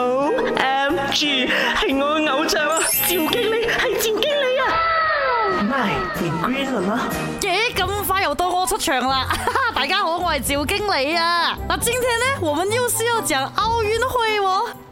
O M G，係我嘅偶像啊！趙經理係趙經理啊！ni 咪 e green 了嗎？嘅咁、啊 yeah, 快又到我出場啦！哈 哈大家好，我係趙經理啊！嗱，今天咧，我們又需要講奧運會喎。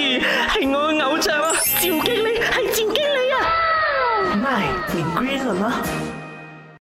係我嘅偶像啊，趙經理係趙經理啊，咪變 green 啦？